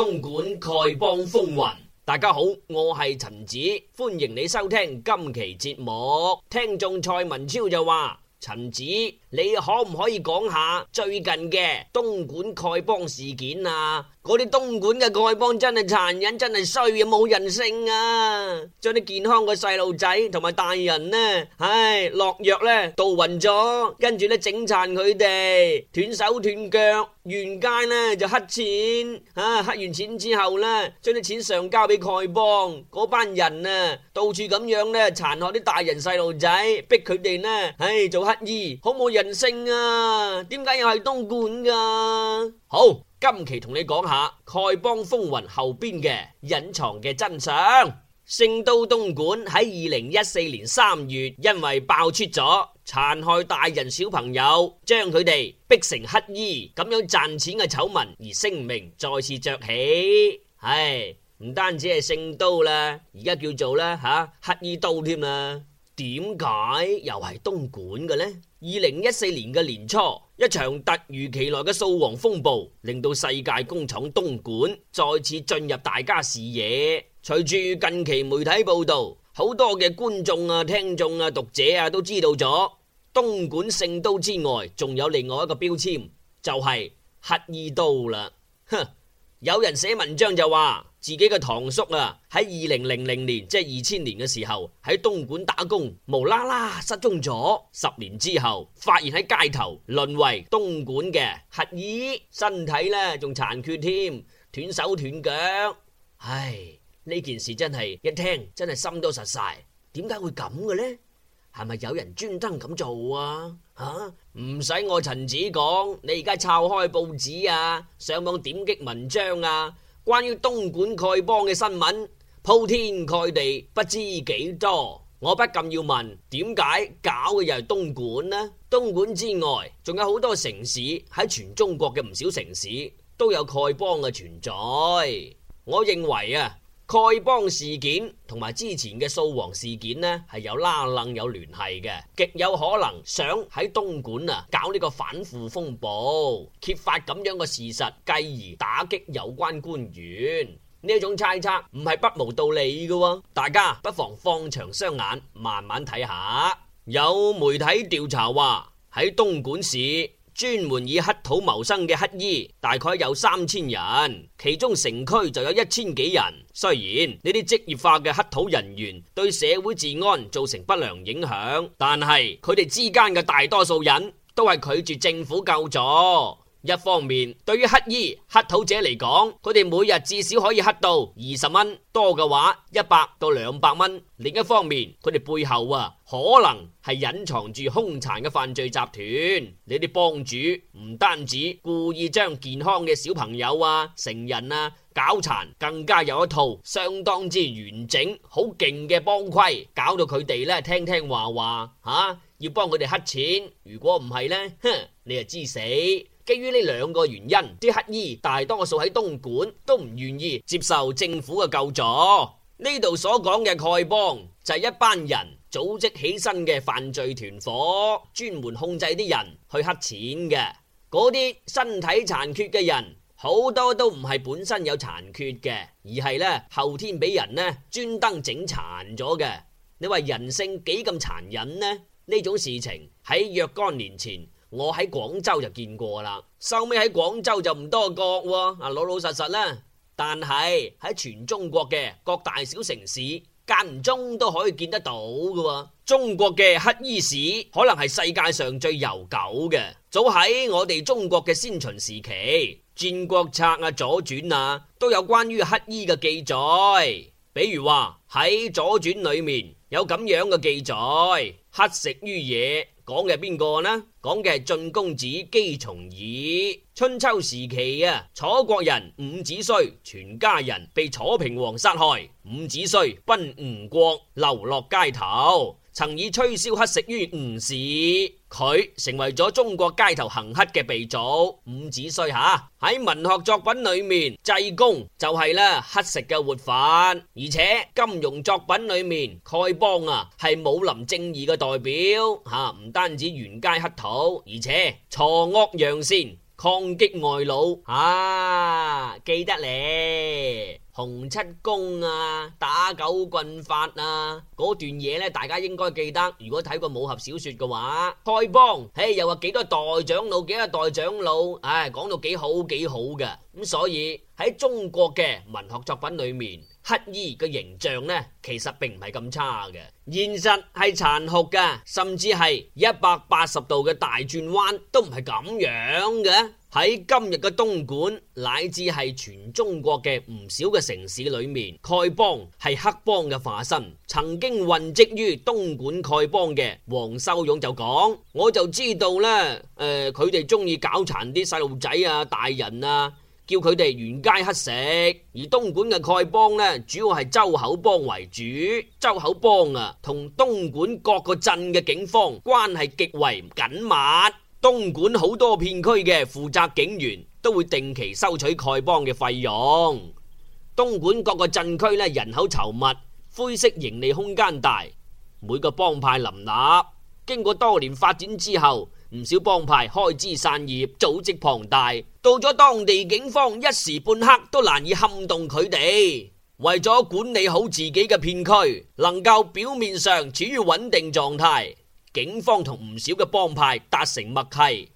東莞丐幫風雲，大家好，我係陳子，歡迎你收聽今期節目。聽眾蔡文超就話：陳子，你可唔可以講下最近嘅東莞丐幫事件啊？嗰啲東莞嘅丐幫真係殘忍，真係衰啊，冇人性啊！將啲健康嘅細路仔同埋大人呢，唉、哎，落藥呢，毒暈咗，跟住呢，整殘佢哋，斷手斷腳，沿街呢，就乞錢，吓、啊、乞完錢之後呢，將啲錢上交俾丐幫嗰班人啊，到處咁樣呢，殘害啲大人細路仔，逼佢哋呢，唉、哎、做乞兒，好冇人性啊！點解又係東莞噶？好，今期同你講下丐幫風雲後邊嘅隱藏嘅真相。聖都東莞喺二零一四年三月，因為爆出咗殘害大人小朋友，將佢哋逼成乞衣咁樣賺錢嘅醜聞，而聲名再次著起。唉，唔單止係聖都啦，而家叫做咧吓乞衣都添啊。點解又係東莞嘅呢？二零一四年嘅年初，一場突如其來嘅掃黃風暴，令到世界工廠東莞再次進入大家視野。隨住近期媒體報道，好多嘅觀眾啊、聽眾啊、讀者啊都知道咗，東莞聖都之外，仲有另外一個標籤，就係、是、黑衣都啦。哼！有人寫文章就話自己嘅堂叔啊，喺二零零零年，即係二千年嘅時候，喺東莞打工，無啦啦失蹤咗。十年之後，發現喺街頭，淪為東莞嘅乞兒，身體咧仲殘缺添，斷手斷腳。唉，呢件事真係一聽真係心都實晒。點解會咁嘅呢？係咪有人專登咁做啊？吓，唔使我陳子講，你而家抄開報紙啊，上網點擊文章啊，關於東莞丐幫嘅新聞鋪天蓋地，不知幾多。我不禁要問，點解搞嘅又係東莞呢？東莞之外，仲有好多城市喺全中國嘅唔少城市都有丐幫嘅存在。我認為啊。丐幫事件同埋之前嘅掃黃事件呢，係有拉楞，有聯繫嘅，極有可能想喺東莞啊搞呢個反腐風暴，揭發咁樣嘅事實，繼而打擊有關官員。呢一種猜測，唔係不無道理嘅。大家不妨放長雙眼，慢慢睇下。有媒體調查話喺東莞市。專門以乞討謀生嘅乞衣大概有三千人，其中城區就有一千幾人。雖然呢啲職業化嘅乞討人員對社會治安造成不良影響，但係佢哋之間嘅大多數人都係拒絕政府救助。一方面，對於乞衣乞討者嚟講，佢哋每日至少可以乞到二十蚊，多嘅話一百到兩百蚊。另一方面，佢哋背後啊可能係隱藏住兇殘嘅犯罪集團。你啲幫主唔單止故意將健康嘅小朋友啊、成人啊搞殘，更加有一套相當之完整、好勁嘅幫規，搞到佢哋咧聽聽話話吓、啊，要幫佢哋乞錢。如果唔係呢，哼，你就知死。基於呢兩個原因，啲乞衣大多數喺東莞都唔願意接受政府嘅救助。呢度所講嘅丐幫就係一班人組織起身嘅犯罪團伙，專門控制啲人去乞錢嘅。嗰啲身體殘缺嘅人，好多都唔係本身有殘缺嘅，而係呢，後天俾人呢專登整殘咗嘅。你話人性幾咁殘忍呢？呢種事情喺若干年前，我喺廣州就見過啦，收尾喺廣州就唔多角、哦，啊老老實實啦。但係喺全中國嘅各大小城市，間中都可以見得到嘅、哦。中國嘅乞衣史可能係世界上最悠久嘅。早喺我哋中國嘅先秦時期，戰國策啊左傳啊，都有關於乞衣嘅記載。比如話喺左傳裏面有咁樣嘅記載：乞食於野。」講嘅邊個呢？講嘅係晉公子姬重耳，春秋時期啊，楚國人伍子胥全家人被楚平王殺害，伍子胥奔吳國，流落街頭。曾以吹簫乞食於吳市，佢成為咗中國街頭行乞嘅鼻祖。伍子胥吓喺文學作品裏面，濟公就係啦，乞食嘅活法。而且金庸作品裏面，丐幫啊係武林正義嘅代表吓，唔單止沿街乞討，而且鋤惡揚善，抗擊外虜。啊，記得咧。洪七公啊，打狗棍法啊，嗰段嘢咧，大家應該記得。如果睇過武俠小說嘅話，丐幫，嘿，又話幾多代長老，幾多代長老，唉、哎，講到幾好幾好嘅。咁所以喺中國嘅文學作品裏面，乞兒嘅形象咧，其實並唔係咁差嘅。現實係殘酷嘅，甚至係一百八十度嘅大轉彎都唔係咁樣嘅。喺今日嘅東莞，乃至係全中國嘅唔少嘅城市裏面，丐幫係黑幫嘅化身。曾經混跡於東莞丐幫嘅黃秀勇就講：我就知道咧，誒、呃，佢哋中意搞殘啲細路仔啊、大人啊，叫佢哋沿街乞食。而東莞嘅丐幫咧，主要係周口幫為主。周口幫啊，同東莞各個鎮嘅警方關係極為緊密。東莞好多片區嘅負責警員都會定期收取丐幫嘅費用。東莞各個鎮區呢，人口稠密，灰色盈利空間大，每個幫派林立。經過多年發展之後，唔少幫派開枝散葉，組織龐大，到咗當地警方一時半刻都難以撼動佢哋。為咗管理好自己嘅片區，能夠表面上處於穩定狀態。警方同唔少嘅幫派達成默契，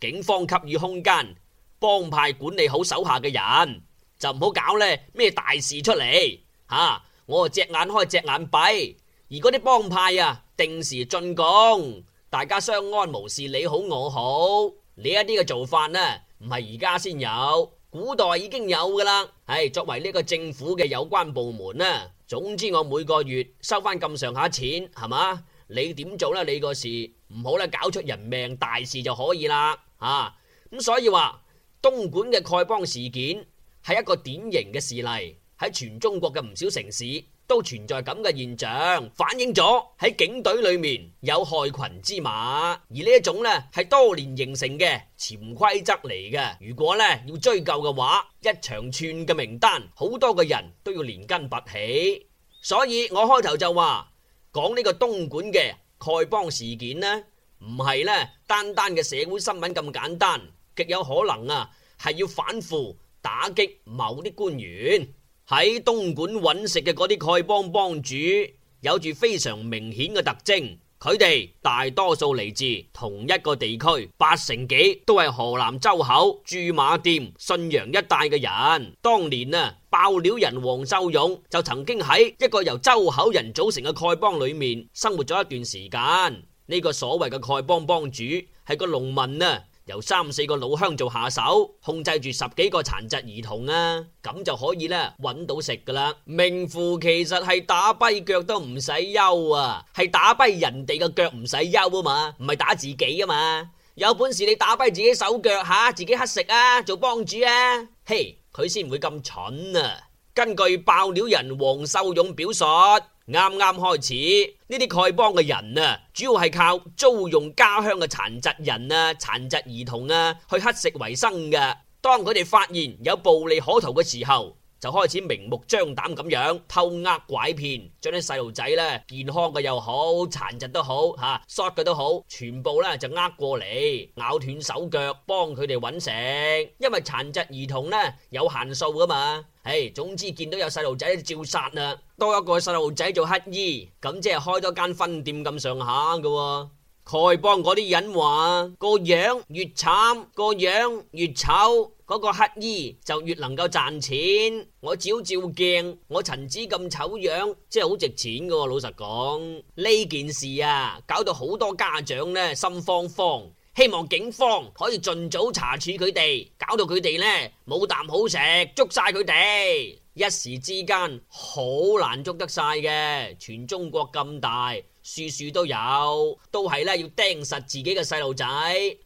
警方給予空間，幫派管理好手下嘅人，就唔好搞呢咩大事出嚟吓、啊。我啊隻眼開隻眼閉，而嗰啲幫派啊定時進貢，大家相安無事，你好我好。呢一啲嘅做法呢，唔係而家先有，古代已經有噶啦。唉、哎，作為呢個政府嘅有關部門呢，總之我每個月收翻咁上下錢，係嘛？你點做咧？你個事唔好咧，搞出人命大事就可以啦。吓、啊、咁，所以話東莞嘅丐幫事件係一個典型嘅事例，喺全中國嘅唔少城市都存在咁嘅現象，反映咗喺警隊裏面有害群之馬。而呢一種呢係多年形成嘅潛規則嚟嘅。如果呢要追究嘅話，一長串嘅名單，好多個人都要連根拔起。所以我開頭就話。講呢個東莞嘅丐幫事件呢，唔係呢單單嘅社會新聞咁簡單，極有可能啊係要反腐打擊某啲官員，喺東莞揾食嘅嗰啲丐幫幫主，有住非常明顯嘅特徵。佢哋大多數嚟自同一個地區，八成幾都係河南周口駐馬店信陽一帶嘅人。當年啊，爆料人黃周勇就曾經喺一個由周口人組成嘅丐幫裏面生活咗一段時間。呢、這個所謂嘅丐幫幫主係個農民啊。由三四個老鄉做下手，控制住十幾個殘疾兒童啊，咁就可以啦，搵到食噶啦，名副其實係打跛腳都唔使憂啊，係打跛人哋嘅腳唔使憂啊嘛，唔係打自己啊嘛。有本事你打跛自己手腳吓，自己乞食啊，做幫主啊，嘿，佢先唔會咁蠢啊。根據爆料人黃秀勇表述。啱啱開始，呢啲丐幫嘅人啊，主要係靠租用家鄉嘅殘疾人啊、殘疾兒童啊，去乞食為生嘅。當佢哋發現有暴利可圖嘅時候，就開始明目張膽咁樣偷呃拐騙，將啲細路仔咧健康嘅又好，殘疾都好嚇，short 嘅都好，全部咧就呃過嚟咬斷手腳，幫佢哋揾食。因為殘疾兒童咧有限數噶嘛，唉，總之見到有細路仔就照殺啦，多一個細路仔做乞兒，咁即係開多間分店咁上下嘅。丐幫嗰啲人話，個樣越慘，個樣越醜，嗰個乞衣就越能夠賺錢。我照照鏡，我陳子咁醜樣，真係好值錢㗎。老實講，呢件事啊，搞到好多家長呢心慌慌，希望警方可以盡早查處佢哋，搞到佢哋呢冇啖好食，捉晒佢哋。一時之間好難捉得晒嘅，全中國咁大。處處都有，都係咧要盯實自己嘅細路仔，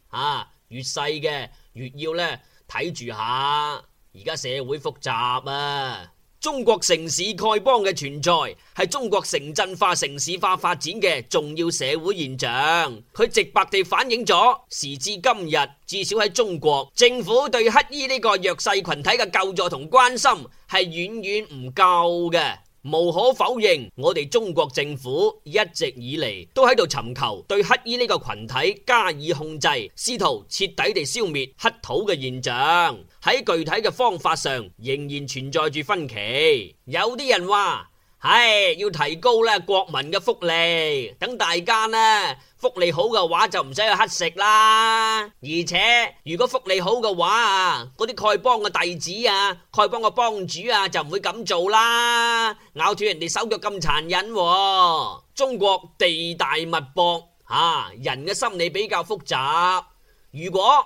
吓、啊、越細嘅越要咧睇住下。而家社會複雜啊。中國城市丐幫嘅存在係中國城鎮化、城市化發展嘅重要社會現象。佢直白地反映咗，時至今日，至少喺中國，政府對乞衣呢個弱勢群體嘅救助同關心係遠遠唔夠嘅。無可否認，我哋中國政府一直以嚟都喺度尋求對乞兒呢個群體加以控制，試圖徹底地消滅乞討嘅現象。喺具體嘅方法上，仍然存在住分歧。有啲人話。唉、哎，要提高咧國民嘅福利，等大家呢福利好嘅話就唔使去乞食啦。而且如果福利好嘅話啊，嗰啲丐幫嘅弟子啊、丐幫嘅幫主啊就唔會咁做啦，咬斷人哋手腳咁殘忍、哦。中國地大物博，吓、啊、人嘅心理比較複雜。如果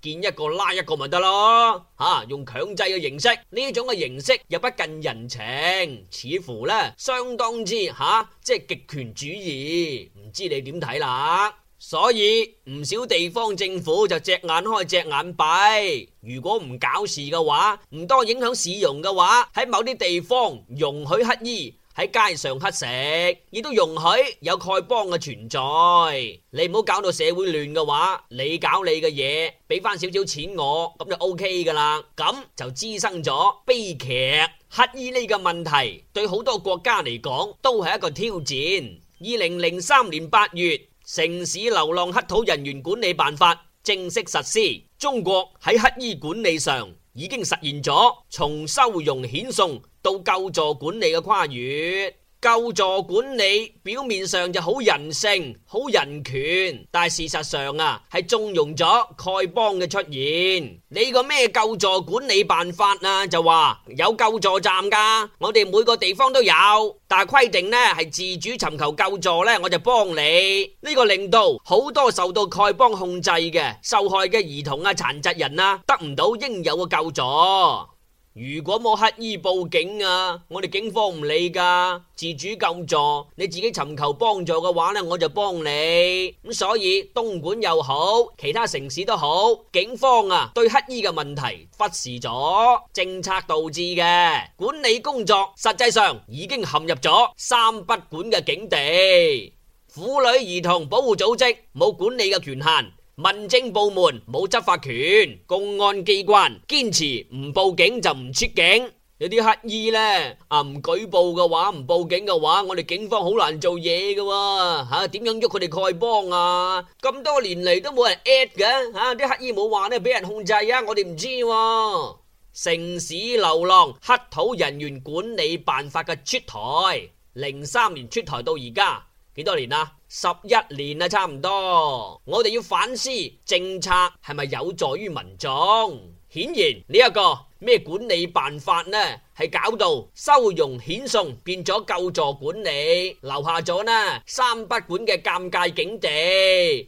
見一個拉一個咪得咯，吓、啊、用強制嘅形式，呢種嘅形式又不近人情，似乎呢相當之吓、啊，即係極權主義，唔知你點睇啦？所以唔少地方政府就隻眼開隻眼閉，如果唔搞事嘅話，唔多影響市容嘅話，喺某啲地方容許乞衣。喺街上乞食，亦都容許有丐幫嘅存在。你唔好搞到社會亂嘅話，你搞你嘅嘢，俾翻少少錢我，咁就 OK 噶啦。咁就滋生咗悲劇乞衣呢個問題，對好多國家嚟講都係一個挑戰。二零零三年八月，《城市流浪乞討人員管理辦法》正式實施，中國喺乞衣管理上。已經實現咗從收容遣送到救助管理嘅跨越。救助管理表面上就好人性、好人權，但係事實上啊，係縱容咗丐幫嘅出現。你個咩救助管理辦法啊？就話有救助站噶，我哋每個地方都有，但係規定呢係自主尋求救助呢，我就幫你。呢、這個令到好多受到丐幫控制嘅受害嘅兒童啊、殘疾人啊，得唔到應有嘅救助。如果冇乞衣報警啊，我哋警方唔理㗎，自主救助，你自己尋求幫助嘅話呢，我就幫你。咁所以東莞又好，其他城市都好，警方啊對乞衣嘅問題忽視咗，政策導致嘅管理工作實際上已經陷入咗三不管嘅境地，婦女兒童保護組織冇管理嘅權限。民政部門冇執法權，公安機關堅持唔報警就唔出警。有啲乞衣呢，啊，唔舉報嘅話，唔報警嘅話，我哋警方好難做嘢噶喎。嚇，點樣喐佢哋丐幫啊？咁多年嚟都冇人 at 嘅嚇，啲、啊、乞衣冇話呢，俾人控制啊！我哋唔知、啊。城市流浪乞討人員管理辦法嘅出台，零三年出台到而家幾多年啦？十一年啦，差唔多，我哋要反思政策係咪有助於民眾？顯然呢一個咩管理辦法呢，係搞到收容遣送變咗救助管理，留下咗呢三不管嘅尷尬境地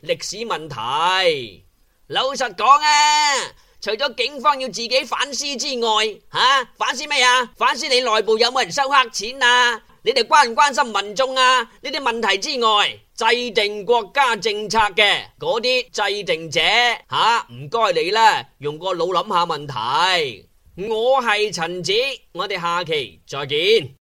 歷史問題。老實講啊，除咗警方要自己反思之外，吓、啊、反思咩啊？反思你內部有冇人收黑錢啊？你哋關唔關心民眾啊？呢啲問題之外。制定國家政策嘅嗰啲制定者吓，唔該你啦，用個腦諗下問題。我係陳子，我哋下期再見。